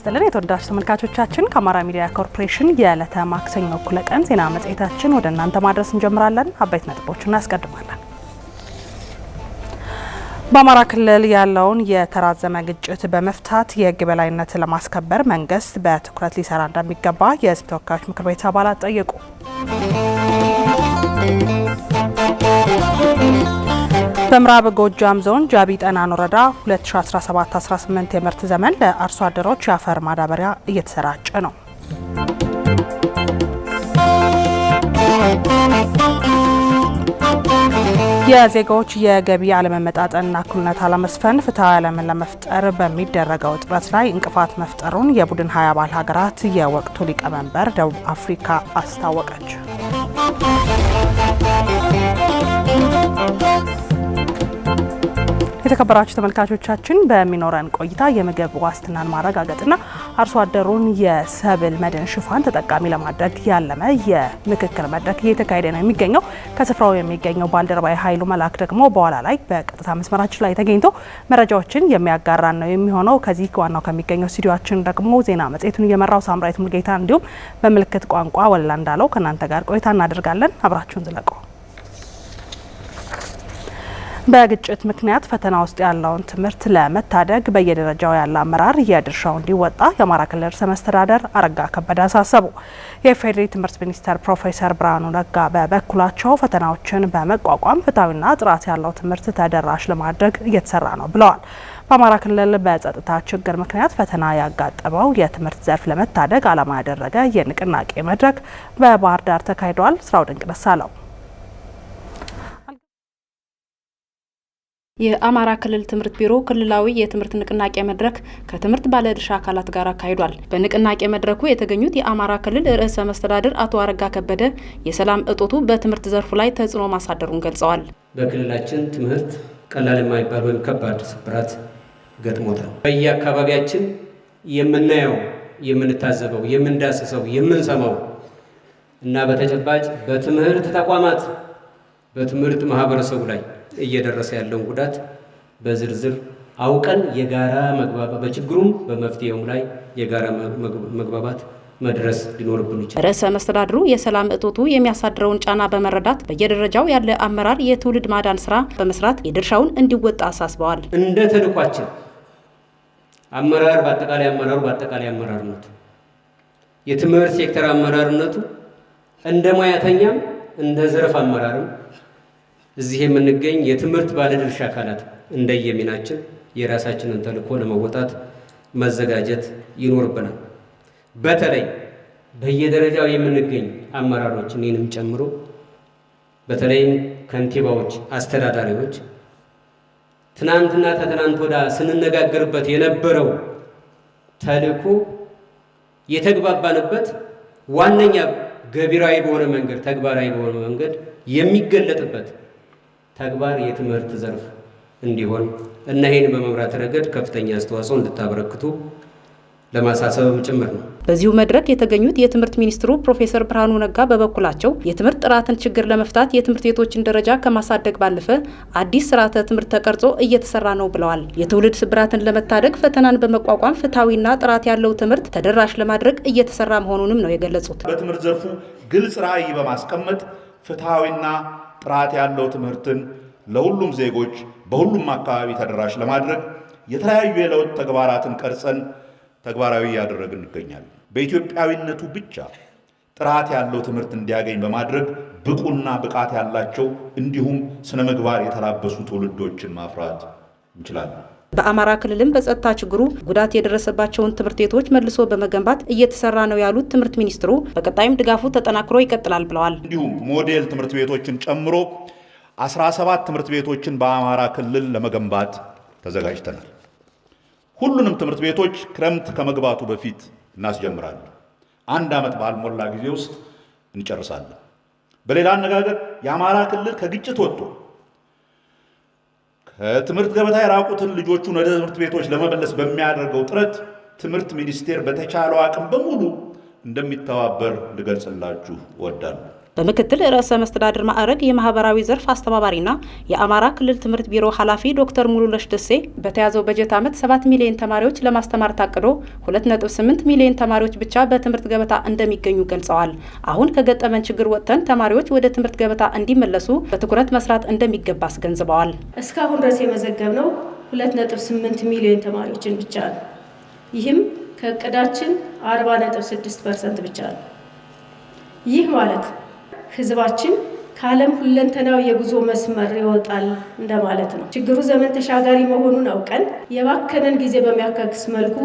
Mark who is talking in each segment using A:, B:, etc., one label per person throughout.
A: ይስጥልን የተወዳጅ ተመልካቾቻችን፣ ከአማራ ሚዲያ ኮርፖሬሽን የዕለተ ማክሰኞ እኩለ ቀን ዜና መጽሔታችን ወደ እናንተ ማድረስ እንጀምራለን። አበይት ነጥቦች እናስቀድማለን። በአማራ ክልል ያለውን የተራዘመ ግጭት በመፍታት የሕግ በላይነት ለማስከበር መንግስት በትኩረት ሊሰራ እንደሚገባ የሕዝብ ተወካዮች ምክር ቤት አባላት ጠየቁ። በምዕራብ ጎጃም ዞን ጃቢ ጠህናን ወረዳ 2017-18 የምርት ዘመን ለአርሶ አደሮች የአፈር ማዳበሪያ እየተሰራጨ ነው። የዜጋዎች የገቢ አለመመጣጠንና እኩልነት አለመስፈን ፍትሐዊ ዓለምን ለመፍጠር በሚደረገው ጥረት ላይ እንቅፋት መፍጠሩን የቡድን ሀያ አባል ሀገራት የወቅቱ ሊቀመንበር ደቡብ አፍሪካ አስታወቀች። የተከበራችሁ ተመልካቾቻችን በሚኖረን ቆይታ የምግብ ዋስትናን ማረጋገጥና አርሶ አደሩን የሰብል መድን ሽፋን ተጠቃሚ ለማድረግ ያለመ የምክክር መድረክ እየተካሄደ ነው የሚገኘው። ከስፍራው የሚገኘው ባልደረባዊ ኃይሉ መልአክ ደግሞ በኋላ ላይ በቀጥታ መስመራችን ላይ ተገኝቶ መረጃዎችን የሚያጋራ ነው የሚሆነው። ከዚህ ዋናው ከሚገኘው ስቱዲዮችን ደግሞ ዜና መጽሔቱን እየመራው ሳምራዊት ሙልጌታ እንዲሁም በምልክት ቋንቋ ወላ እንዳለው ከእናንተ ጋር ቆይታ እናደርጋለን። አብራችሁን ዝለቁ። በግጭት ምክንያት ፈተና ውስጥ ያለውን ትምህርት ለመታደግ በየደረጃው ያለ አመራር የድርሻው እንዲወጣ የአማራ ክልል ርዕሰ መስተዳደር አረጋ ከበደ አሳሰቡ። የፌዴሪ ትምህርት ሚኒስተር ፕሮፌሰር ብርሃኑ ነጋ በበኩላቸው ፈተናዎችን በመቋቋም ፍትሐዊና ጥራት ያለው ትምህርት ተደራሽ ለማድረግ እየተሰራ ነው ብለዋል። በአማራ ክልል በጸጥታ ችግር ምክንያት ፈተና ያጋጠመው የትምህርት ዘርፍ ለመታደግ ዓላማ ያደረገ የንቅናቄ መድረክ በባህር ዳር ተካሂዷል። ስራው ድንቅ ደሳለው የአማራ ክልል ትምህርት ቢሮ ክልላዊ የትምህርት ንቅናቄ መድረክ ከትምህርት ባለድርሻ አካላት ጋር አካሂዷል። በንቅናቄ መድረኩ የተገኙት የአማራ ክልል ርዕሰ መስተዳድር አቶ አረጋ ከበደ የሰላም እጦቱ በትምህርት ዘርፉ ላይ ተጽዕኖ ማሳደሩን ገልጸዋል።
B: በክልላችን ትምህርት ቀላል የማይባል ወይም ከባድ ስብራት ገጥሞታል። በየአካባቢያችን የምናየው፣ የምንታዘበው፣ የምንዳስሰው፣ የምንሰማው እና በተጨባጭ በትምህርት ተቋማት በትምህርት ማህበረሰቡ ላይ እየደረሰ ያለውን ጉዳት በዝርዝር አውቀን የጋራ መግባባት በችግሩም በመፍትሄውም ላይ የጋራ መግባባት መድረስ ሊኖርብን
A: ይችላል። ርዕሰ መስተዳድሩ የሰላም እጦቱ የሚያሳድረውን ጫና በመረዳት በየደረጃው ያለ አመራር የትውልድ ማዳን ስራ በመስራት የድርሻውን እንዲወጣ አሳስበዋል።
B: እንደ ተልኳችን አመራር በአጠቃላይ አመራሩ በአጠቃላይ አመራርነቱ የትምህርት ሴክተር አመራርነቱ እንደ ሙያተኛም እንደ ዘርፍ አመራርም እዚህ የምንገኝ የትምህርት ባለድርሻ አካላት እንደየሚናችን የራሳችንን ተልዕኮ ለመወጣት መዘጋጀት ይኖርብናል። በተለይ በየደረጃው የምንገኝ አመራሮች እኔንም ጨምሮ በተለይም ከንቲባዎች፣ አስተዳዳሪዎች ትናንትና ተትናንት ወዳ ስንነጋገርበት የነበረው ተልዕኮ የተግባባንበት ዋነኛ ገቢራዊ በሆነ መንገድ ተግባራዊ በሆነ መንገድ የሚገለጥበት ተግባር የትምህርት ዘርፍ እንዲሆን እና ይህን በመምራት ረገድ ከፍተኛ አስተዋጽኦ እንድታበረክቱ ለማሳሰብም ጭምር ነው።
A: በዚሁ መድረክ የተገኙት የትምህርት ሚኒስትሩ ፕሮፌሰር ብርሃኑ ነጋ በበኩላቸው የትምህርት ጥራትን ችግር ለመፍታት የትምህርት ቤቶችን ደረጃ ከማሳደግ ባለፈ አዲስ ስርዓተ ትምህርት ተቀርጾ እየተሰራ ነው ብለዋል። የትውልድ ስብራትን ለመታደግ ፈተናን በመቋቋም ፍትሐዊና ጥራት ያለው ትምህርት ተደራሽ ለማድረግ እየተሰራ መሆኑንም ነው የገለጹት።
B: በትምህርት ዘርፉ ግልጽ ራዕይ በማስቀመጥ ፍትሐዊና ጥራት ያለው ትምህርትን ለሁሉም ዜጎች በሁሉም አካባቢ ተደራሽ ለማድረግ የተለያዩ የለውጥ ተግባራትን ቀርጸን ተግባራዊ እያደረግን እንገኛለን። በኢትዮጵያዊነቱ ብቻ ጥራት ያለው ትምህርት እንዲያገኝ በማድረግ ብቁና ብቃት ያላቸው እንዲሁም ስነ ምግባር የተላበሱ ትውልዶችን ማፍራት
A: እንችላለን። በአማራ ክልልም በጸጥታ ችግሩ ጉዳት የደረሰባቸውን ትምህርት ቤቶች መልሶ በመገንባት እየተሰራ ነው ያሉት ትምህርት ሚኒስትሩ በቀጣይም ድጋፉ ተጠናክሮ ይቀጥላል ብለዋል።
B: እንዲሁም ሞዴል ትምህርት ቤቶችን ጨምሮ 17 ትምህርት ቤቶችን በአማራ ክልል ለመገንባት ተዘጋጅተናል። ሁሉንም ትምህርት ቤቶች ክረምት ከመግባቱ በፊት እናስጀምራለን። አንድ ዓመት ባልሞላ ጊዜ ውስጥ እንጨርሳለን። በሌላ አነጋገር የአማራ ክልል ከግጭት ወጥቶ ከትምህርት ገበታ የራቁትን ልጆቹን ወደ ትምህርት ቤቶች ለመመለስ በሚያደርገው ጥረት ትምህርት ሚኒስቴር በተቻለው አቅም በሙሉ እንደሚተባበር ልገልጽላችሁ እወዳለሁ።
A: በምክትል ርዕሰ መስተዳድር ማዕረግ የማህበራዊ ዘርፍ አስተባባሪና የአማራ ክልል ትምህርት ቢሮ ኃላፊ ዶክተር ሙሉነሽ ደሴ በተያዘው በጀት ዓመት 7 ሚሊዮን ተማሪዎች ለማስተማር ታቅዶ 2.8 ሚሊዮን ተማሪዎች ብቻ በትምህርት ገበታ እንደሚገኙ ገልጸዋል። አሁን ከገጠመን ችግር ወጥተን ተማሪዎች ወደ ትምህርት ገበታ እንዲመለሱ በትኩረት መስራት እንደሚገባ አስገንዝበዋል።
C: እስካሁን ድረስ የመዘገብነው 2.8 ሚሊዮን ተማሪዎችን ብቻ ነው። ይህም ከእቅዳችን 40.6 ፐርሰንት ብቻ ነው። ይህ ማለት ህዝባችን ከዓለም ሁለንተናዊ የጉዞ መስመር ይወጣል እንደማለት ነው። ችግሩ ዘመን ተሻጋሪ መሆኑን አውቀን የባከነን ጊዜ በሚያካክስ መልኩ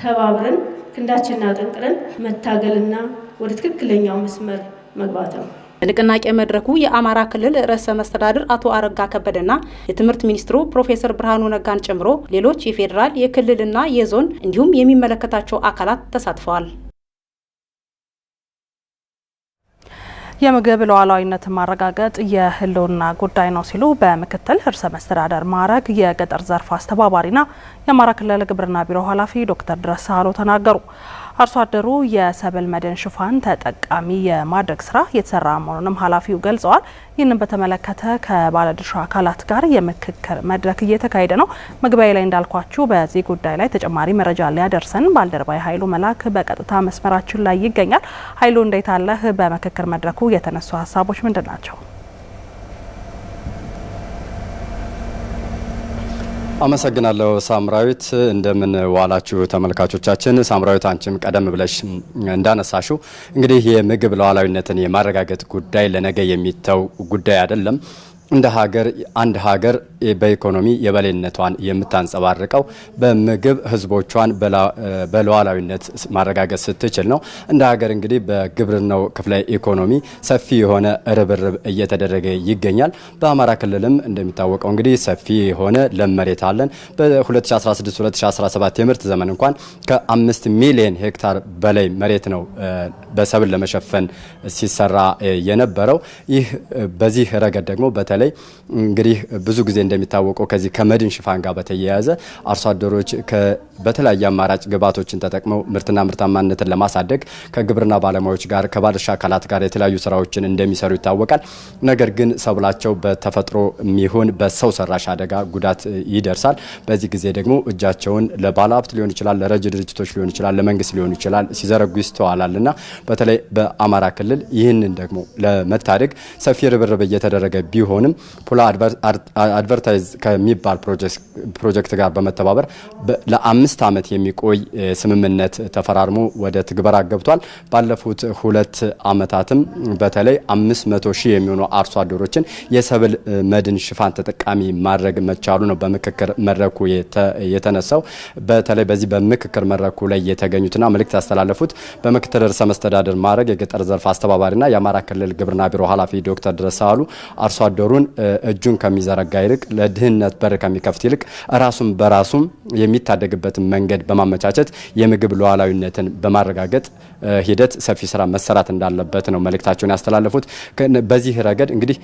C: ተባብረን ክንዳችንን አጠንቅረን መታገልና ወደ ትክክለኛው መስመር መግባት ነው።
A: በንቅናቄ መድረኩ የአማራ ክልል ርዕሰ መስተዳድር አቶ አረጋ ከበደና የትምህርት ሚኒስትሩ ፕሮፌሰር ብርሃኑ ነጋን ጨምሮ ሌሎች የፌዴራል የክልልና የዞን እንዲሁም የሚመለከታቸው አካላት ተሳትፈዋል። የምግብ ሉዓላዊነትን ማረጋገጥ የህልውና ጉዳይ ነው ሲሉ በምክትል ርዕሰ መስተዳደር ማዕረግ የገጠር ዘርፍ አስተባባሪና የአማራ ክልል ግብርና ቢሮ ኃላፊ ዶክተር ድረስ ሳህሉ ተናገሩ። አርሶ አደሩ የሰብል መድን ሽፋን ተጠቃሚ የማድረግ ስራ እየተሰራ መሆኑንም ኃላፊው ገልጸዋል። ይህንን በተመለከተ ከባለድርሻ አካላት ጋር የምክክር መድረክ እየተካሄደ ነው። መግቢያ ላይ እንዳልኳችሁ በዚህ ጉዳይ ላይ ተጨማሪ መረጃ ሊያደርሰን ባልደረባዊ ኃይሉ መላክ በቀጥታ መስመራችን ላይ ይገኛል። ኃይሉ እንዴት አለህ? በምክክር መድረኩ የተነሱ ሀሳቦች ምንድን ናቸው?
D: አመሰግናለሁ ሳምራዊት። እንደምን ዋላችሁ ተመልካቾቻችን። ሳምራዊት አንቺም ቀደም ብለሽ እንዳነሳሽው እንግዲህ የምግብ ሉዓላዊነትን የማረጋገጥ ጉዳይ ለነገ የሚተው ጉዳይ አይደለም። እንደ ሀገር አንድ ሀገር በኢኮኖሚ የበላይነቷን የምታንጸባርቀው በምግብ ህዝቦቿን በሉዓላዊነት ማረጋገጥ ስትችል ነው። እንደ ሀገር እንግዲህ በግብርናው ክፍለ ኢኮኖሚ ሰፊ የሆነ ርብርብ እየተደረገ ይገኛል። በአማራ ክልልም እንደሚታወቀው እንግዲህ ሰፊ የሆነ ለም መሬት አለን። በ2016-2017 የምርት ዘመን እንኳን ከ5 ሚሊዮን ሄክታር በላይ መሬት ነው በሰብል ለመሸፈን ሲሰራ የነበረው። ይህ በዚህ ረገድ ደግሞ በተለ በተለይ እንግዲህ ብዙ ጊዜ እንደሚታወቀው ከዚህ ከመድን ሽፋን ጋር በተያያዘ አርሶ አደሮች በተለያየ አማራጭ ግብዓቶችን ተጠቅመው ምርትና ምርታማነትን ለማሳደግ ከግብርና ባለሙያዎች ጋር ከባለድርሻ አካላት ጋር የተለያዩ ስራዎችን እንደሚሰሩ ይታወቃል። ነገር ግን ሰብላቸው በተፈጥሮ የሚሆን በሰው ሰራሽ አደጋ ጉዳት ይደርሳል። በዚህ ጊዜ ደግሞ እጃቸውን ለባለሀብት ሊሆን ይችላል፣ ለረጅ ድርጅቶች ሊሆን ይችላል፣ ለመንግስት ሊሆን ይችላል ሲዘረጉ ይስተዋላል በተለይ በአማራ ክልል ይህንን ደግሞ ለመታደግ ሰፊ ርብርብ እየተደረገ ቢሆንም ይህንን ፖላ አድቨርታይዝ ከሚባል ፕሮጀክት ጋር በመተባበር ለአምስት ዓመት የሚቆይ ስምምነት ተፈራርሞ ወደ ትግበራ ገብቷል። ባለፉት ሁለት ዓመታትም በተለይ አምስት መቶ ሺህ የሚሆኑ አርሶ አደሮችን የሰብል መድን ሽፋን ተጠቃሚ ማድረግ መቻሉ ነው በምክክር መድረኩ የተነሳው። በተለይ በዚህ በምክክር መድረኩ ላይ የተገኙትና መልእክት ያስተላለፉት በምክትል ርዕሰ መስተዳደር ማድረግ የገጠር ዘርፍ አስተባባሪና የአማራ ክልል ግብርና ቢሮ ኃላፊ ዶክተር ድረስ አሉ አርሶ አደሩን ሳይሆን እጁን ከሚዘረጋ ይልቅ ለድህነት በር ከሚከፍት ይልቅ ራሱን በራሱም የሚታደግበትን መንገድ በማመቻቸት የምግብ ሉዓላዊነትን በማረጋገጥ ሂደት ሰፊ ስራ መሰራት እንዳለበት ነው መልእክታቸውን ያስተላለፉት። በዚህ ረገድ እንግዲህ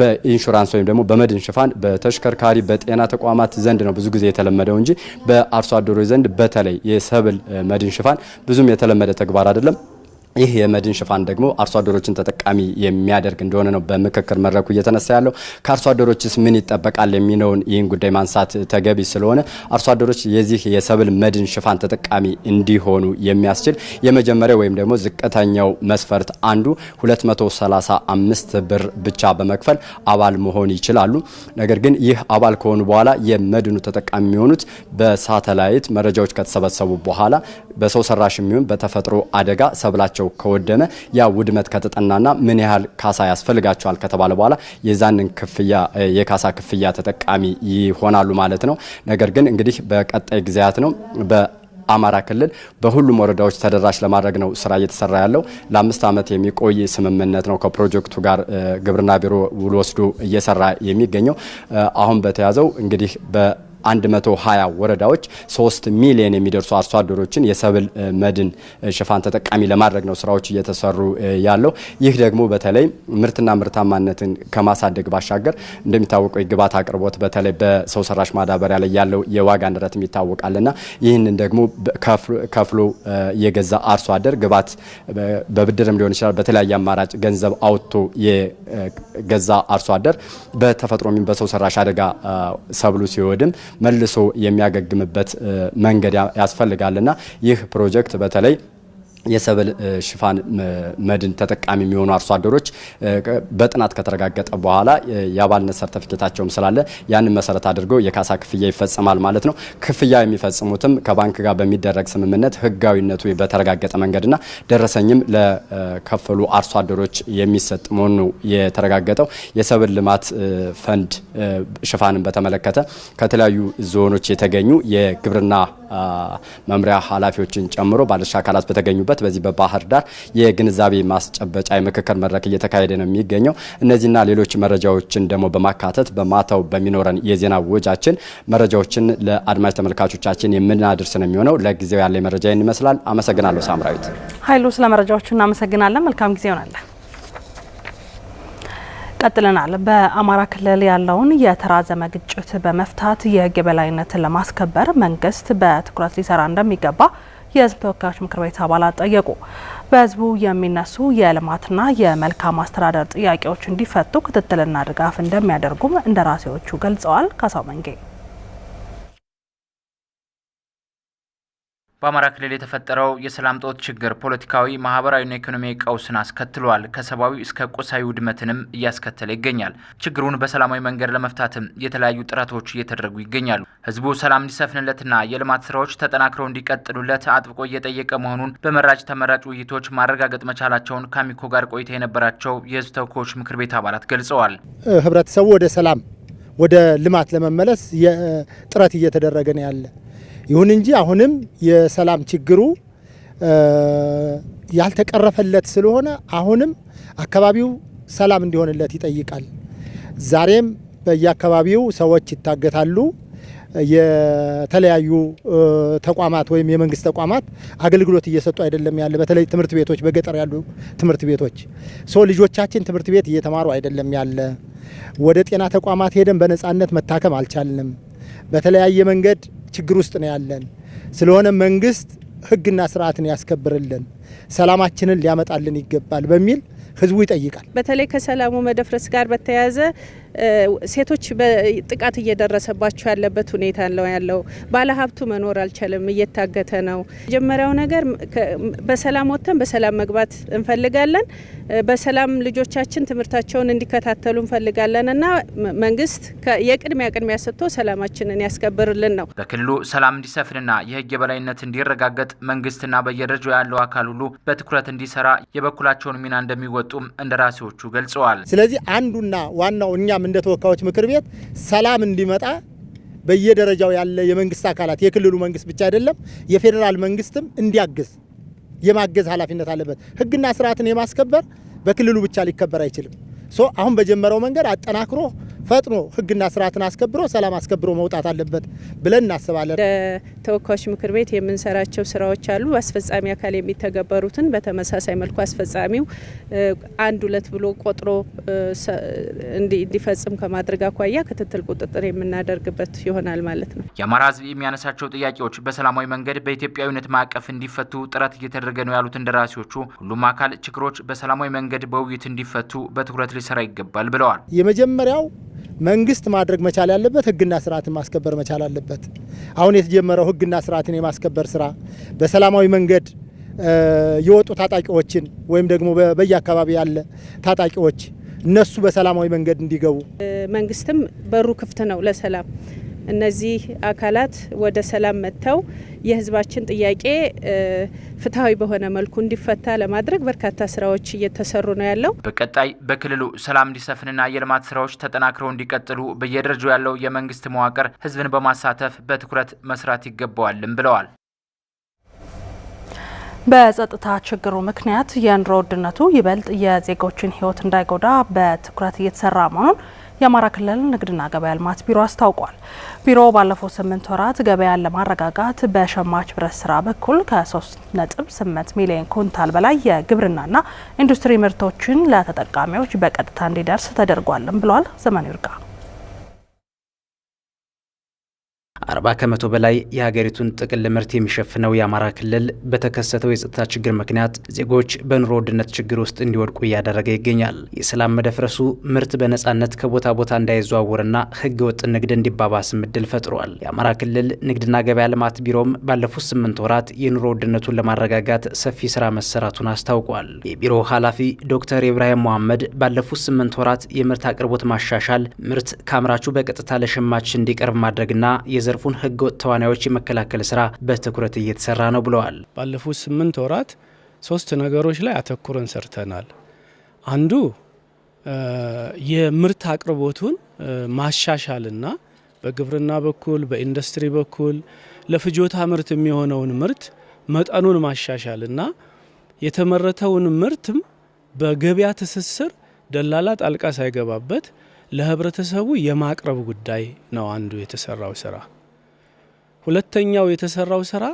D: በኢንሹራንስ ወይም ደግሞ በመድን ሽፋን በተሽከርካሪ በጤና ተቋማት ዘንድ ነው ብዙ ጊዜ የተለመደው እንጂ በአርሶ አደሮች ዘንድ በተለይ የሰብል መድን ሽፋን ብዙም የተለመደ ተግባር አይደለም። ይህ የመድን ሽፋን ደግሞ አርሶ አደሮችን ተጠቃሚ የሚያደርግ እንደሆነ ነው በምክክር መድረኩ እየተነሳ ያለው። ከአርሶ አደሮችስ ምን ይጠበቃል የሚለውን ይህን ጉዳይ ማንሳት ተገቢ ስለሆነ አርሶ አደሮች የዚህ የሰብል መድን ሽፋን ተጠቃሚ እንዲሆኑ የሚያስችል የመጀመሪያው ወይም ደግሞ ዝቅተኛው መስፈርት አንዱ 235 ብር ብቻ በመክፈል አባል መሆን ይችላሉ። ነገር ግን ይህ አባል ከሆኑ በኋላ የመድኑ ተጠቃሚ የሚሆኑት በሳተላይት መረጃዎች ከተሰበሰቡ በኋላ በሰው ሰራሽ የሚሆን በተፈጥሮ አደጋ ሰብላቸው ቤታቸው ከወደመ ያ ውድመት ከተጠናና ምን ያህል ካሳ ያስፈልጋቸዋል ከተባለ በኋላ የዛንን ክፍያ የካሳ ክፍያ ተጠቃሚ ይሆናሉ ማለት ነው። ነገር ግን እንግዲህ በቀጣይ ጊዜያት ነው አማራ ክልል በሁሉም ወረዳዎች ተደራሽ ለማድረግ ነው ስራ እየተሰራ ያለው። ለአምስት ዓመት የሚቆይ ስምምነት ነው ከፕሮጀክቱ ጋር ግብርና ቢሮ ውል ወስዶ እየሰራ የሚገኘው አሁን በተያዘው እንግዲህ 120 ወረዳዎች 3 ሚሊዮን የሚደርሱ አርሶ አደሮችን የሰብል መድን ሽፋን ተጠቃሚ ለማድረግ ነው ስራዎች እየተሰሩ ያለው። ይህ ደግሞ በተለይ ምርትና ምርታማነትን ከማሳደግ ባሻገር እንደሚታወቀው የግብዓት አቅርቦት በተለይ በሰው ሰራሽ ማዳበሪያ ላይ ያለው የዋጋ ንረትም ይታወቃልና ይህንን ደግሞ ከፍሎ የገዛ አርሶ አደር ግብዓት በብድርም ሊሆን ይችላል፣ በተለያየ አማራጭ ገንዘብ አውጥቶ የገዛ አርሶ አደር በሰው ሰራሽ አደጋ ሰብሉ ሲወድም መልሶ የሚያገግምበት መንገድ ያስፈልጋልና ይህ ፕሮጀክት በተለይ የሰብል ሽፋን መድን ተጠቃሚ የሚሆኑ አርሶ አደሮች በጥናት ከተረጋገጠ በኋላ የአባልነት ሰርተፊኬታቸውም ስላለ ያንን መሰረት አድርገው የካሳ ክፍያ ይፈጽማል ማለት ነው። ክፍያ የሚፈጽሙትም ከባንክ ጋር በሚደረግ ስምምነት ህጋዊነቱ በተረጋገጠ መንገድና ደረሰኝም ለከፈሉ አርሶ አደሮች የሚሰጥ መሆኑ የተረጋገጠው። የሰብል ልማት ፈንድ ሽፋንን በተመለከተ ከተለያዩ ዞኖች የተገኙ የግብርና መምሪያ ኃላፊዎችን ጨምሮ ባለድርሻ አካላት በተገኙበት በዚህ በባህር ዳር የግንዛቤ ማስጨበጫ የምክክር መድረክ እየተካሄደ ነው የሚገኘው። እነዚህና ሌሎች መረጃዎችን ደግሞ በማካተት በማታው በሚኖረን የዜና ወጃችን መረጃዎችን ለአድማጭ ተመልካቾቻችን የምናደርስ ነው የሚሆነው። ለጊዜው ያለ መረጃ ይመስላል። አመሰግናለሁ። ሳምራዊት
A: ኃይሉ ስለ መረጃዎቹ እናመሰግናለን። መልካም ጊዜ ይሆናለን። ቀጥለናል። በአማራ ክልል ያለውን የተራዘመ ግጭት በመፍታት የሕግ የበላይነትን ለማስከበር መንግስት በትኩረት ሊሰራ እንደሚገባ የህዝብ ተወካዮች ምክር ቤት አባላት ጠየቁ። በህዝቡ የሚነሱ የልማትና የመልካም አስተዳደር ጥያቄዎች እንዲፈቱ ክትትልና ድጋፍ እንደሚያደርጉም እንደራሴዎቹ ገልጸዋል። ካሳው መንጌ
E: በአማራ ክልል የተፈጠረው የሰላም ጦት ችግር ፖለቲካዊ፣ ማህበራዊና ኢኮኖሚያዊ ቀውስን አስከትሏል። ከሰብአዊ እስከ ቁሳዊ ውድመትንም እያስከተለ ይገኛል። ችግሩን በሰላማዊ መንገድ ለመፍታትም የተለያዩ ጥረቶች እየተደረጉ ይገኛሉ። ህዝቡ ሰላም እንዲሰፍንለትና የልማት ስራዎች ተጠናክረው እንዲቀጥሉለት አጥብቆ እየጠየቀ መሆኑን በመራጭ ተመራጭ ውይይቶች ማረጋገጥ መቻላቸውን ከአሚኮ ጋር ቆይታ የነበራቸው የህዝብ ተወካዮች ምክር ቤት አባላት ገልጸዋል።
F: ህብረተሰቡ ወደ ሰላም ወደ ልማት ለመመለስ ጥረት እየተደረገ ነው ያለ ይሁን እንጂ አሁንም የሰላም ችግሩ ያልተቀረፈለት ስለሆነ አሁንም አካባቢው ሰላም እንዲሆንለት ይጠይቃል። ዛሬም በየአካባቢው ሰዎች ይታገታሉ። የተለያዩ ተቋማት ወይም የመንግስት ተቋማት አገልግሎት እየሰጡ አይደለም ያለ በተለይ ትምህርት ቤቶች፣ በገጠር ያሉ ትምህርት ቤቶች ሶ ልጆቻችን ትምህርት ቤት እየተማሩ አይደለም ያለ፣ ወደ ጤና ተቋማት ሄደን በነጻነት መታከም አልቻልንም። በተለያየ መንገድ ችግር ውስጥ ነው ያለን። ስለሆነ መንግስት ህግና ስርዓትን ያስከብርልን፣ ሰላማችንን ሊያመጣልን ይገባል በሚል ህዝቡ ይጠይቃል።
G: በተለይ ከሰላሙ መደፍረስ ጋር በተያያዘ ሴቶች ጥቃት እየደረሰባቸው ያለበት ሁኔታ ነው ያለው። ባለሀብቱ መኖር አልቻለም፣ እየታገተ ነው። መጀመሪያው ነገር በሰላም ወጥተን በሰላም መግባት እንፈልጋለን። በሰላም ልጆቻችን ትምህርታቸውን እንዲከታተሉ እንፈልጋለን እና መንግስት የቅድሚያ ቅድሚያ ሰጥቶ ሰላማችንን ያስከብርልን ነው።
E: በክልሉ ሰላም እንዲሰፍንና የህግ የበላይነት እንዲረጋገጥ መንግስትና በየደረጃው ያለው አካል ሁሉ በትኩረት እንዲሰራ የበኩላቸውን ሚና እንደሚወጡም እንደራሴዎቹ ገልጸዋል።
F: ስለዚህ አንዱና ዋናው እኛም እንደ ተወካዮች ምክር ቤት ሰላም እንዲመጣ በየደረጃው ያለ የመንግስት አካላት የክልሉ መንግስት ብቻ አይደለም፣ የፌዴራል መንግስትም እንዲያግዝ የማገዝ ኃላፊነት አለበት። ህግና ስርዓትን የማስከበር በክልሉ ብቻ ሊከበር አይችልም። ሶ አሁን በጀመረው መንገድ አጠናክሮ ፈጥኖ ህግና ስርዓትን አስከብሮ ሰላም አስከብሮ መውጣት አለበት ብለን እናስባለን።
G: ተወካዮች ምክር ቤት የምንሰራቸው ስራዎች አሉ። አስፈጻሚ አካል የሚተገበሩትን በተመሳሳይ መልኩ አስፈጻሚው አንድ ሁለት ብሎ ቆጥሮ እንዲፈጽም ከማድረግ አኳያ ክትትል ቁጥጥር የምናደርግበት ይሆናል ማለት ነው።
E: የአማራ ህዝብ የሚያነሳቸው ጥያቄዎች በሰላማዊ መንገድ በኢትዮጵያዊነት ማዕቀፍ እንዲፈቱ ጥረት እየተደረገ ነው ያሉት እንደራሴዎቹ ሁሉም አካል ችግሮች በሰላማዊ መንገድ በውይይት እንዲፈቱ በትኩረት ሊሰራ ይገባል ብለዋል።
F: የመጀመሪያው መንግስት ማድረግ መቻል ያለበት ህግና ስርዓትን ማስከበር መቻል አለበት። አሁን የተጀመረው ህግና ስርዓትን የማስከበር ስራ በሰላማዊ መንገድ የወጡ ታጣቂዎችን ወይም ደግሞ በየአካባቢ ያለ ታጣቂዎች እነሱ በሰላማዊ መንገድ እንዲገቡ
G: መንግስትም በሩ ክፍት ነው ለሰላም እነዚህ አካላት ወደ ሰላም መጥተው የህዝባችን ጥያቄ ፍትሐዊ በሆነ መልኩ እንዲፈታ ለማድረግ በርካታ ስራዎች እየተሰሩ ነው ያለው።
E: በቀጣይ በክልሉ ሰላም እንዲሰፍንና የልማት ስራዎች ተጠናክረው እንዲቀጥሉ በየደረጃው ያለው የመንግስት መዋቅር ህዝብን በማሳተፍ በትኩረት መስራት ይገባዋልም ብለዋል።
A: በጸጥታ ችግሩ ምክንያት የኑሮ ውድነቱ ይበልጥ የዜጎችን ህይወት እንዳይጎዳ በትኩረት እየተሰራ መሆኑን የአማራ ክልል ንግድና ገበያ ልማት ቢሮ አስታውቋል። ቢሮው ባለፈው ስምንት ወራት ገበያን ለማረጋጋት በሸማች ብረት ስራ በኩል ከ3.8 ሚሊዮን ኩንታል በላይ የግብርናና ኢንዱስትሪ ምርቶችን ለተጠቃሚዎች በቀጥታ እንዲደርስ ተደርጓልም ብሏል። ዘመን ይርጋ
E: አርባ ከመቶ በላይ የሀገሪቱን ጥቅል ምርት የሚሸፍነው የአማራ ክልል በተከሰተው የጸጥታ ችግር ምክንያት ዜጎች በኑሮ ውድነት ችግር ውስጥ እንዲወድቁ እያደረገ ይገኛል። የሰላም መደፍረሱ ምርት በነፃነት ከቦታ ቦታ እንዳይዘዋወርና ሕገ ወጥ ንግድ እንዲባባስም እድል ፈጥሯል። የአማራ ክልል ንግድና ገበያ ልማት ቢሮም ባለፉት ስምንት ወራት የኑሮ ውድነቱን ለማረጋጋት ሰፊ ስራ መሰራቱን አስታውቋል። የቢሮው ኃላፊ ዶክተር ኢብራሂም መሐመድ ባለፉት ስምንት ወራት የምርት አቅርቦት ማሻሻል፣ ምርት ከአምራቹ በቀጥታ ለሸማች እንዲቀርብ ማድረግና የዘርፉን ህገወጥ ተዋናዮች የመከላከል ስራ በትኩረት እየተሰራ ነው ብለዋል።
H: ባለፉት ስምንት ወራት ሶስት ነገሮች ላይ አተኩረን ሰርተናል። አንዱ የምርት አቅርቦቱን ማሻሻልና በግብርና በኩል በኢንዱስትሪ በኩል ለፍጆታ ምርት የሚሆነውን ምርት መጠኑን ማሻሻልና የተመረተውን ምርትም በገበያ ትስስር ደላላ ጣልቃ ሳይገባበት ለህብረተሰቡ የማቅረብ ጉዳይ ነው አንዱ የተሰራው ስራ። ሁለተኛው የተሰራው ስራ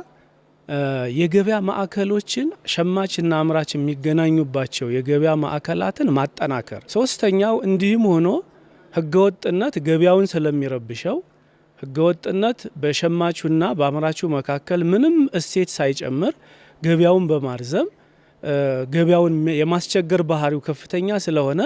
H: የገበያ ማዕከሎችን ሸማችና አምራች የሚገናኙባቸው የገበያ ማዕከላትን ማጠናከር። ሶስተኛው እንዲህም ሆኖ ህገወጥነት ገበያውን ስለሚረብሸው ህገወጥነት በሸማቹና በአምራቹ መካከል ምንም እሴት ሳይጨምር ገበያውን በማርዘም ገበያውን የማስቸገር ባህሪው ከፍተኛ ስለሆነ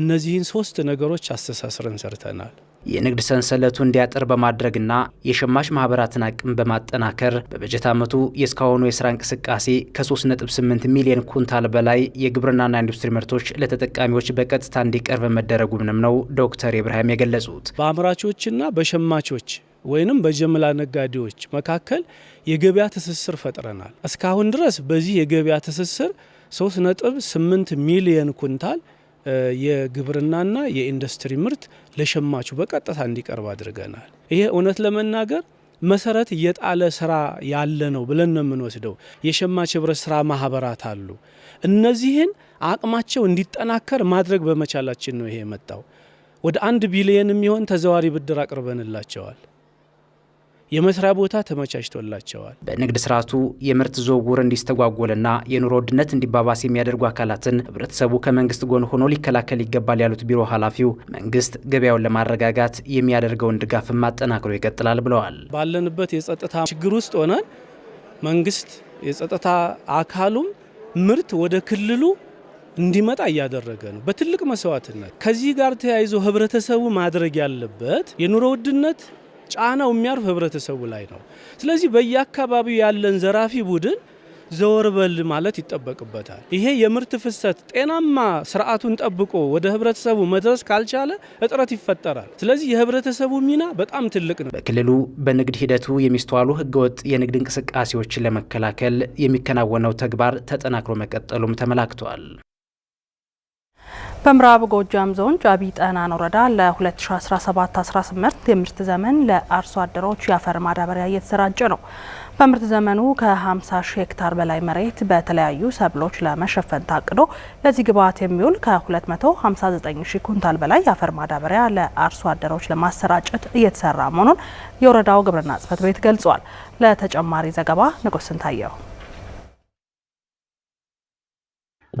H: እነዚህን ሶስት ነገሮች አስተሳስረን ሰርተናል።
E: የንግድ ሰንሰለቱ እንዲያጥር በማድረግና የሸማች ማህበራትን አቅም በማጠናከር በበጀት ዓመቱ የእስካሁኑ የስራ እንቅስቃሴ ከ3.8 ሚሊዮን ኩንታል በላይ የግብርናና ኢንዱስትሪ ምርቶች ለተጠቃሚዎች በቀጥታ እንዲቀርብ መደረጉንም ነው ዶክተር ኢብራሂም የገለጹት።
H: በአምራቾችና በሸማቾች ወይንም በጀምላ ነጋዴዎች መካከል የገበያ ትስስር ፈጥረናል። እስካሁን ድረስ በዚህ የገበያ ትስስር 3.8 ሚሊዮን ኩንታል የግብርናና የኢንዱስትሪ ምርት ለሸማቹ በቀጥታ እንዲቀርብ አድርገናል። ይሄ እውነት ለመናገር መሰረት የጣለ ስራ ያለ ነው ብለን ነው የምንወስደው። የሸማች ህብረት ስራ ማህበራት አሉ። እነዚህን አቅማቸው እንዲጠናከር ማድረግ በመቻላችን ነው ይሄ የመጣው። ወደ አንድ ቢሊየን የሚሆን ተዘዋሪ ብድር አቅርበንላቸዋል። የመስሪያ ቦታ ተመቻችቶላቸዋል።
E: በንግድ ስርዓቱ የምርት ዝውውር እንዲስተጓጎልና የኑሮ ውድነት እንዲባባስ የሚያደርጉ አካላትን ህብረተሰቡ ከመንግስት ጎን ሆኖ ሊከላከል ይገባል ያሉት ቢሮ ኃላፊው መንግስት ገበያውን ለማረጋጋት የሚያደርገውን ድጋፍን አጠናክሮ ይቀጥላል ብለዋል።
H: ባለንበት የጸጥታ ችግር ውስጥ ሆነን መንግስት የጸጥታ አካሉም ምርት ወደ ክልሉ እንዲመጣ እያደረገ ነው፣ በትልቅ መስዋዕትነት። ከዚህ ጋር ተያይዞ ህብረተሰቡ ማድረግ ያለበት የኑሮ ውድነት ጫናው የሚያርፍ ህብረተሰቡ ላይ ነው። ስለዚህ በየአካባቢው ያለን ዘራፊ ቡድን ዘወርበል ማለት ይጠበቅበታል። ይሄ የምርት ፍሰት ጤናማ ስርዓቱን ጠብቆ ወደ ህብረተሰቡ መድረስ ካልቻለ እጥረት ይፈጠራል። ስለዚህ የህብረተሰቡ ሚና በጣም ትልቅ ነው።
E: በክልሉ በንግድ ሂደቱ የሚስተዋሉ ህገወጥ የንግድ እንቅስቃሴዎችን ለመከላከል የሚከናወነው ተግባር ተጠናክሮ መቀጠሉም ተመላክቷል።
A: በምዕራብ ጎጃም ዞን ጃቢ ጠህናን ወረዳ ለ2017/18 የምርት ዘመን ለአርሶ አደሮች የአፈር ማዳበሪያ እየተሰራጨ ነው። በምርት ዘመኑ ከ50 ሺህ ሄክታር በላይ መሬት በተለያዩ ሰብሎች ለመሸፈን ታቅዶ ለዚህ ግብዓት የሚውል ከ259 ሺህ ኩንታል በላይ የአፈር ማዳበሪያ ለአርሶ አደሮች ለማሰራጨት እየተሰራ መሆኑን የወረዳው ግብርና ጽሕፈት ቤት ገልጿል። ለተጨማሪ ዘገባ ንጉስ ስንታየው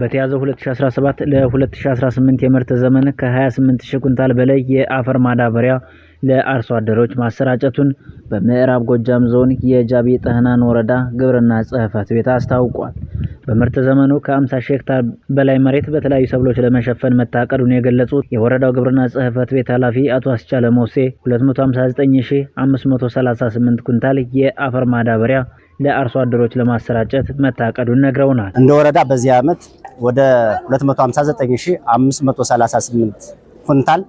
I: በተያዘው 2017 ለ2018 የምርት ዘመን ከ28 ኩንታል በላይ የአፈር ማዳበሪያ ለአርሶ አደሮች ማሰራጨቱን በምዕራብ ጎጃም ዞን የጃቢ ጠህናን ወረዳ ግብርና ጽሕፈት ቤት አስታውቋል። በምርት ዘመኑ ከ50 ሺህ ሄክታር በላይ መሬት በተለያዩ ሰብሎች ለመሸፈን መታቀዱን የገለጹት የወረዳው ግብርና ጽሕፈት ቤት ኃላፊ አቶ አስቻለ ሞሴ 259538 ኩንታል የአፈር ማዳበሪያ ለአርሶ አደሮች ለማሰራጨት መታቀዱን ነግረውናል።
J: እንደ ወረዳ በዚህ ዓመት ወደ 259538 ኩንታል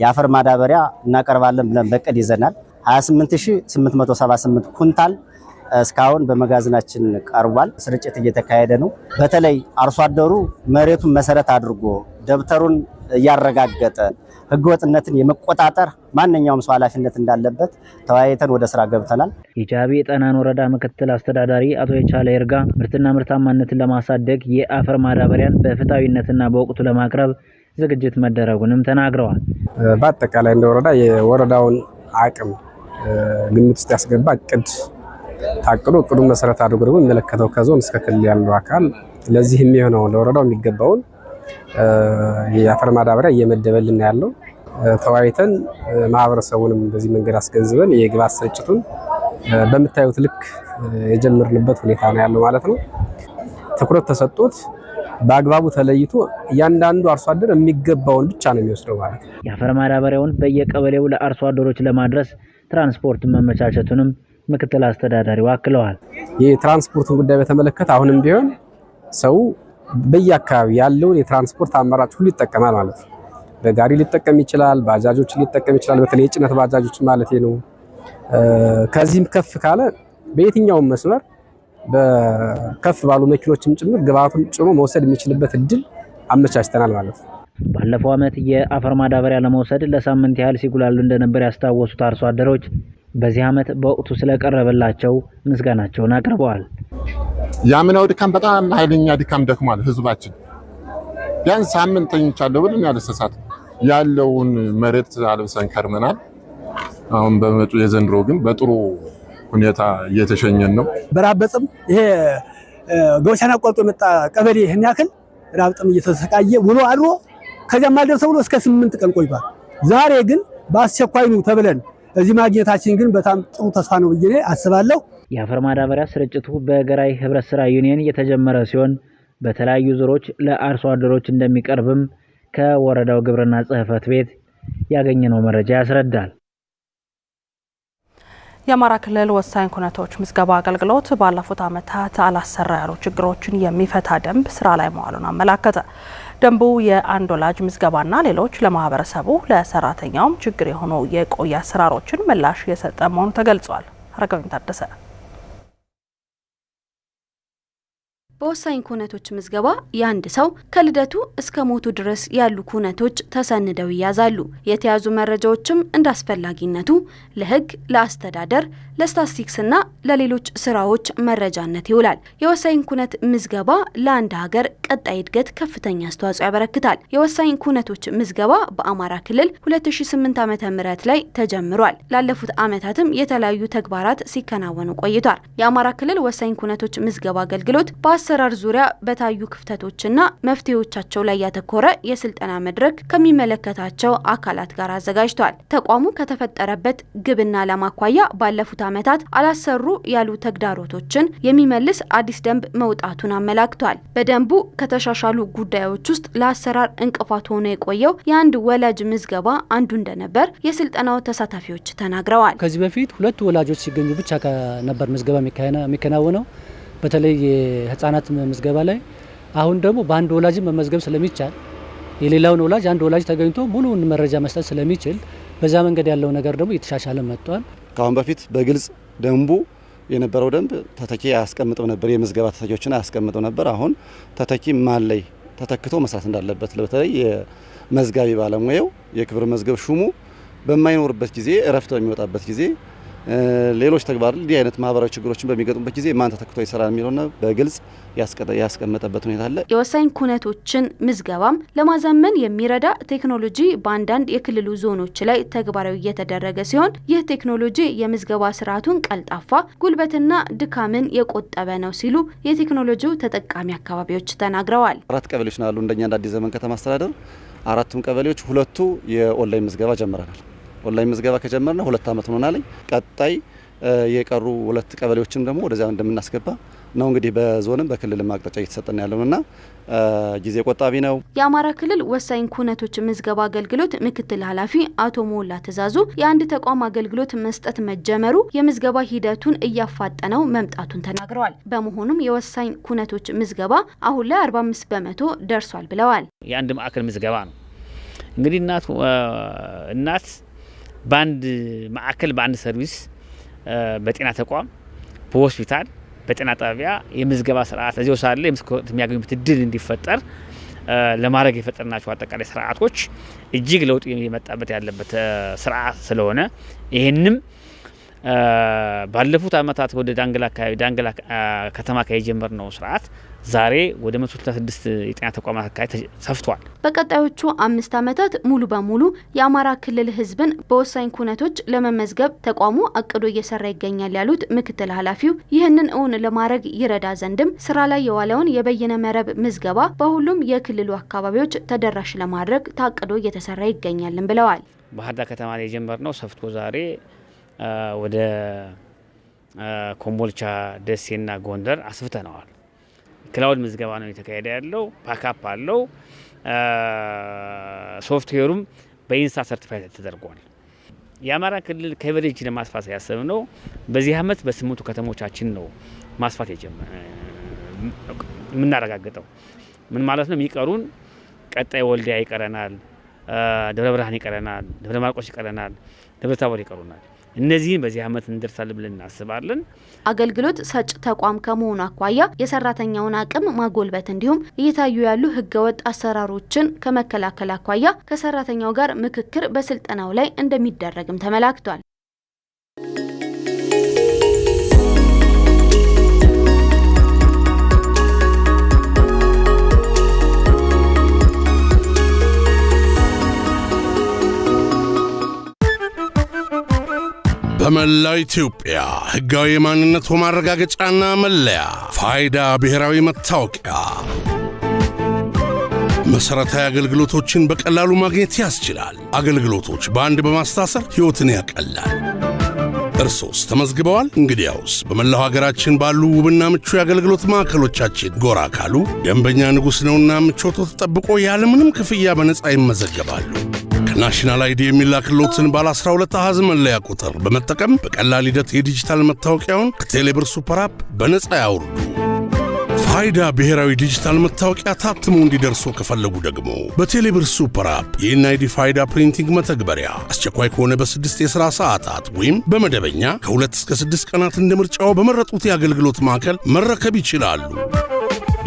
J: የአፈር ማዳበሪያ እናቀርባለን ብለን በቅድ ይዘናል። 28878 ኩንታል እስካሁን በመጋዘናችን ቀርቧል። ስርጭት እየተካሄደ ነው። በተለይ አርሶ አደሩ መሬቱን መሰረት አድርጎ ደብተሩን እያረጋገጠ ህገወጥነትን የመቆጣጠር ማንኛውም ሰው ኃላፊነት እንዳለበት ተወያይተን ወደ ስራ ገብተናል።
I: የጃቢ ጠናን ወረዳ ምክትል አስተዳዳሪ አቶ የቻለ ይርጋ ምርትና ምርታማነትን ለማሳደግ የአፈር ማዳበሪያን በፍትሐዊነትና በወቅቱ ለማቅረብ ዝግጅት መደረጉንም ተናግረዋል።
K: በአጠቃላይ እንደ ወረዳ የወረዳውን አቅም ግምት ውስጥ ያስገባ እቅድ ታቅዶ እቅዱን መሰረት አድርጎ ደግሞ የሚመለከተው ከዞን እስከ ክልል ያለው አካል ለዚህ የሚሆነውን ለወረዳው የሚገባውን የአፈር ማዳበሪያ እየመደበልን ያለው ተወያይተን ማህበረሰቡንም በዚህ መንገድ አስገንዝበን የግብዓት ስርጭቱን በምታዩት ልክ የጀመርንበት ሁኔታ ነው ያለው ማለት ነው። ትኩረት ተሰጥቶት በአግባቡ ተለይቶ እያንዳንዱ አርሶ አደር የሚገባውን ብቻ ነው የሚወስደው ማለት ነው።
I: የአፈር ማዳበሪያውን በየቀበሌው ለአርሶ አደሮች ለማድረስ ትራንስፖርት መመቻቸቱንም ምክትል አስተዳዳሪው አክለዋል።
K: የትራንስፖርቱን ጉዳይ በተመለከተ አሁንም ቢሆን ሰው በየአካባቢ ያለውን የትራንስፖርት አማራጭ ሁሉ ይጠቀማል ማለት ነው። በጋሪ ሊጠቀም ይችላል፣ ባጃጆችን ሊጠቀም ይችላል። በተለይ የጭነት ባጃጆች ማለት ነው። ከዚህም ከፍ ካለ በየትኛውም መስመር በከፍ ባሉ መኪኖችም ጭምር ግብአቱን ጭኖ መውሰድ የሚችልበት እድል አመቻችተናል ማለት ነው።
I: ባለፈው ዓመት የአፈር ማዳበሪያ ለመውሰድ ለሳምንት ያህል ሲጉላሉ እንደነበር ያስታወሱት አርሶ አደሮች በዚህ ዓመት በወቅቱ ስለቀረበላቸው ምስጋናቸውን አቅርበዋል።
L: የአምናው ድካም በጣም ኃይለኛ ድካም ደክሟል ህዝባችን። ቢያንስ ሳምንት ተኝቻለሁ ብለን ያለሰሳት ያለውን መሬት አልብሰን ከርመናል። አሁን በመጡ የዘንድሮ ግን በጥሩ ሁኔታ እየተሸኘን ነው።
M: በራበጽም ይሄ ገውሻን አቋርጦ የመጣ ቀበሌ ይህን ያክል ራብጥም እየተሰቃየ ውሎ አድሮ ከዚያም አልደርሰው ብሎ እስከ ስምንት ቀን ቆይቷል። ዛሬ ግን በአስቸኳይ ኑ ተብለን እዚህ ማግኘታችን ግን በጣም ጥሩ ተስፋ ነው ብዬ አስባለሁ።
I: የአፈር ማዳበሪያ ስርጭቱ በገራይ ህብረት ስራ ዩኒየን የተጀመረ ሲሆን በተለያዩ ዙሮች ለአርሶ አደሮች እንደሚቀርብም ከወረዳው ግብርና ጽህፈት ቤት ያገኘነው መረጃ ያስረዳል።
A: የአማራ ክልል ወሳኝ ኩነቶች ምዝገባ አገልግሎት ባለፉት ዓመታት አላሰራ ያሉ ችግሮችን የሚፈታ ደንብ ስራ ላይ መዋሉን አመላከተ። ደንቡ የአንድ ወላጅ ምዝገባና ሌሎች ለማህበረሰቡ ለሰራተኛውም ችግር የሆኑ የቆየ አሰራሮችን ምላሽ የሰጠ መሆኑ ተገልጿል። አረጋዊን ታደሰ በወሳኝ ኩነቶች ምዝገባ የአንድ ሰው ከልደቱ እስከ ሞቱ ድረስ ያሉ ኩነቶች ተሰንደው ይያዛሉ። የተያዙ መረጃዎችም እንደ አስፈላጊነቱ ለሕግ፣ ለአስተዳደር፣ ለስታስቲክስና ለሌሎች ስራዎች መረጃነት ይውላል። የወሳኝ ኩነት ምዝገባ ለአንድ ሀገር ቀጣይ እድገት ከፍተኛ አስተዋጽኦ ያበረክታል። የወሳኝ ኩነቶች ምዝገባ በአማራ ክልል 2008 ዓ.ም ላይ ተጀምሯል። ላለፉት ዓመታትም የተለያዩ ተግባራት ሲከናወኑ ቆይቷል። የአማራ ክልል ወሳኝ ኩነቶች ምዝገባ አገልግሎት በ አሰራር ዙሪያ በታዩ ክፍተቶችና መፍትሄዎቻቸው ላይ ያተኮረ የስልጠና መድረክ ከሚመለከታቸው አካላት ጋር አዘጋጅቷል። ተቋሙ ከተፈጠረበት ግብና ዓላማ አኳያ ባለፉት ዓመታት አላሰሩ ያሉ ተግዳሮቶችን የሚመልስ አዲስ ደንብ መውጣቱን አመላክቷል። በደንቡ ከተሻሻሉ ጉዳዮች ውስጥ ለአሰራር እንቅፋት ሆኖ የቆየው የአንድ ወላጅ ምዝገባ አንዱ እንደነበር የስልጠናው ተሳታፊዎች ተናግረዋል።
N: ከዚህ በፊት ሁለቱ ወላጆች ሲገኙ ብቻ ነበር ምዝገባ የሚከናወነው። በተለይ የህፃናት ምዝገባ ላይ አሁን ደግሞ በአንድ ወላጅ መመዝገብ ስለሚቻል የሌላውን ወላጅ አንድ ወላጅ ተገኝቶ ሙሉውን መረጃ መስጠት ስለሚችል በዛ መንገድ ያለው ነገር ደግሞ እየተሻሻለ መጥቷል።
O: ከአሁን በፊት በግልጽ ደንቡ የነበረው ደንብ ተተኪ አያስቀምጥም ነበር፣ የምዝገባ ተተኪዎችን አያስቀምጥም ነበር። አሁን ተተኪ ማን ላይ ተተክቶ መስራት እንዳለበት በተለይ የመዝጋቢ ባለሙያው የክብር መዝገብ ሹሙ በማይኖርበት ጊዜ እረፍት በሚወጣበት ጊዜ ሌሎች ተግባር እንዲህ አይነት ማህበራዊ ችግሮችን በሚገጥሙበት ጊዜ ማን ተተክቶ ይሰራል የሚለውን በግልጽ ያስቀመጠበት ሁኔታ አለ።
A: የወሳኝ ኩነቶችን ምዝገባም ለማዘመን የሚረዳ ቴክኖሎጂ በአንዳንድ የክልሉ ዞኖች ላይ ተግባራዊ እየተደረገ ሲሆን ይህ ቴክኖሎጂ የምዝገባ ስርዓቱን ቀልጣፋ፣ ጉልበትና ድካምን የቆጠበ ነው ሲሉ የቴክኖሎጂው ተጠቃሚ አካባቢዎች ተናግረዋል።
O: አራት ቀበሌዎች ናሉ እንደኛ እንደ አዲስ ዘመን ከተማ አስተዳደር አራቱም ቀበሌዎች ሁለቱ የኦንላይን ምዝገባ ጀምረናል። ኦንላይን ምዝገባ ከጀመርነ ሁለት ነው ሆኖናል። ቀጣይ የቀሩ ሁለት ቀበሌዎችን ደግሞ ወደዚያ እንደምናስገባ ነው እንግዲህ በዞንም በክልልም አቅጣጫ እየተሰጠን ያለውና ጊዜ ቆጣቢ ነው።
A: የአማራ ክልል ወሳኝ ኩነቶች ምዝገባ አገልግሎት ምክትል ኃላፊ አቶ ሞላ ትእዛዙ የአንድ ተቋም አገልግሎት መስጠት መጀመሩ የምዝገባ ሂደቱን እያፋጠነው መምጣቱን ተናግረዋል። በመሆኑም የወሳኝ ኩነቶች ምዝገባ አሁን ላይ 45 በመቶ ደርሷል ብለዋል።
E: የአንድ ማዕከል ምዝገባ ነው እንግዲህ እናት እናት በአንድ ማዕከል በአንድ ሰርቪስ በጤና ተቋም በሆስፒታል በጤና ጣቢያ የምዝገባ ስርዓት እዚሁ ሳለ የምስክርነት የሚያገኙበት እድል እንዲፈጠር ለማድረግ የፈጠርናቸው አጠቃላይ ስርዓቶች እጅግ ለውጥ የመጣበት ያለበት ስርዓት ስለሆነ ይህንም ባለፉት አመታት ወደ ዳንግላ ከተማ ከየጀመር ነው ስርዓት ዛሬ ወደ 166 የጤና ተቋማት አካባቢ ሰፍቷል።
A: በቀጣዮቹ አምስት ዓመታት ሙሉ በሙሉ የአማራ ክልል ህዝብን በወሳኝ ኩነቶች ለመመዝገብ ተቋሙ አቅዶ እየሰራ ይገኛል ያሉት ምክትል ኃላፊው ይህንን እውን ለማድረግ ይረዳ ዘንድም ስራ ላይ የዋለውን የበይነ መረብ ምዝገባ በሁሉም የክልሉ አካባቢዎች ተደራሽ ለማድረግ ታቅዶ እየተሰራ ይገኛልን ብለዋል።
E: ባህር ዳር ከተማ ላይ የጀመርነው ሰፍቶ ዛሬ ወደ ኮምቦልቻ፣ ደሴና ጎንደር አስፍተነዋል። ክላውድ ምዝገባ ነው የተካሄደ ያለው። ፓካፕ አለው። ሶፍትዌሩም በኢንሳ ሰርቲፋይ ተደርጓል። የአማራ ክልል ከቨሬጅ ለማስፋት ያሰብ ነው። በዚህ አመት በስምንቱ ከተሞቻችን ነው ማስፋት የምናረጋግጠው። ምን ማለት ነው? የሚቀሩን ቀጣይ ወልዲያ ይቀረናል፣ ደብረ ብርሃን ይቀረናል፣ ደብረ ማርቆስ ይቀረናል፣ ደብረ ታቦር ይቀሩናል። እነዚህን በዚህ ዓመት እንደርሳለን ብለን እናስባለን። አገልግሎት ሰጭ ተቋም ከመሆኑ አኳያ የሰራተኛውን አቅም ማጎልበት እንዲሁም እየታዩ ያሉ ህገወጥ አሰራሮችን ከመከላከል አኳያ ከሰራተኛው ጋር ምክክር በስልጠናው ላይ እንደሚደረግም ተመላክቷል። በመላው ኢትዮጵያ ህጋዊ የማንነቱ ማረጋገጫና መለያ ፋይዳ ብሔራዊ መታወቂያ መሠረታዊ አገልግሎቶችን በቀላሉ ማግኘት ያስችላል። አገልግሎቶች በአንድ በማስታሰር ሕይወትን ያቀላል። እርሶስ ተመዝግበዋል? እንግዲያውስ በመላው ሀገራችን ባሉ ውብና ምቹ የአገልግሎት ማዕከሎቻችን ጎራ ካሉ ደንበኛ ንጉሥ ነውና ምቾቶ ተጠብቆ ያለምንም ክፍያ በነፃ ይመዘገባሉ። ናሽናል አይዲ የሚላክሎትን ባለ 12 አሃዝ መለያ ቁጥር በመጠቀም በቀላል ሂደት የዲጂታል መታወቂያውን ከቴሌብር ሱፐር አፕ በነፃ ያውርዱ። ፋይዳ ብሔራዊ ዲጂታል መታወቂያ ታትሞ እንዲደርሶ ከፈለጉ ደግሞ በቴሌብር ሱፐር አፕ ይህን አይዲ ፋይዳ ፕሪንቲንግ መተግበሪያ አስቸኳይ ከሆነ በስድስት የሥራ ሰዓታት ወይም በመደበኛ ከሁለት እስከ ስድስት ቀናት እንደ ምርጫው በመረጡት የአገልግሎት ማዕከል መረከብ ይችላሉ።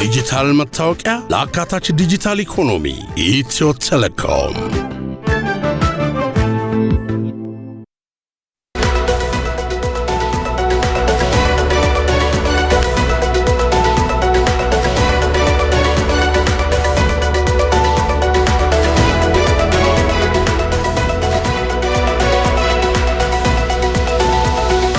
E: ዲጂታል መታወቂያ ለአካታች ዲጂታል ኢኮኖሚ ኢትዮ ቴሌኮም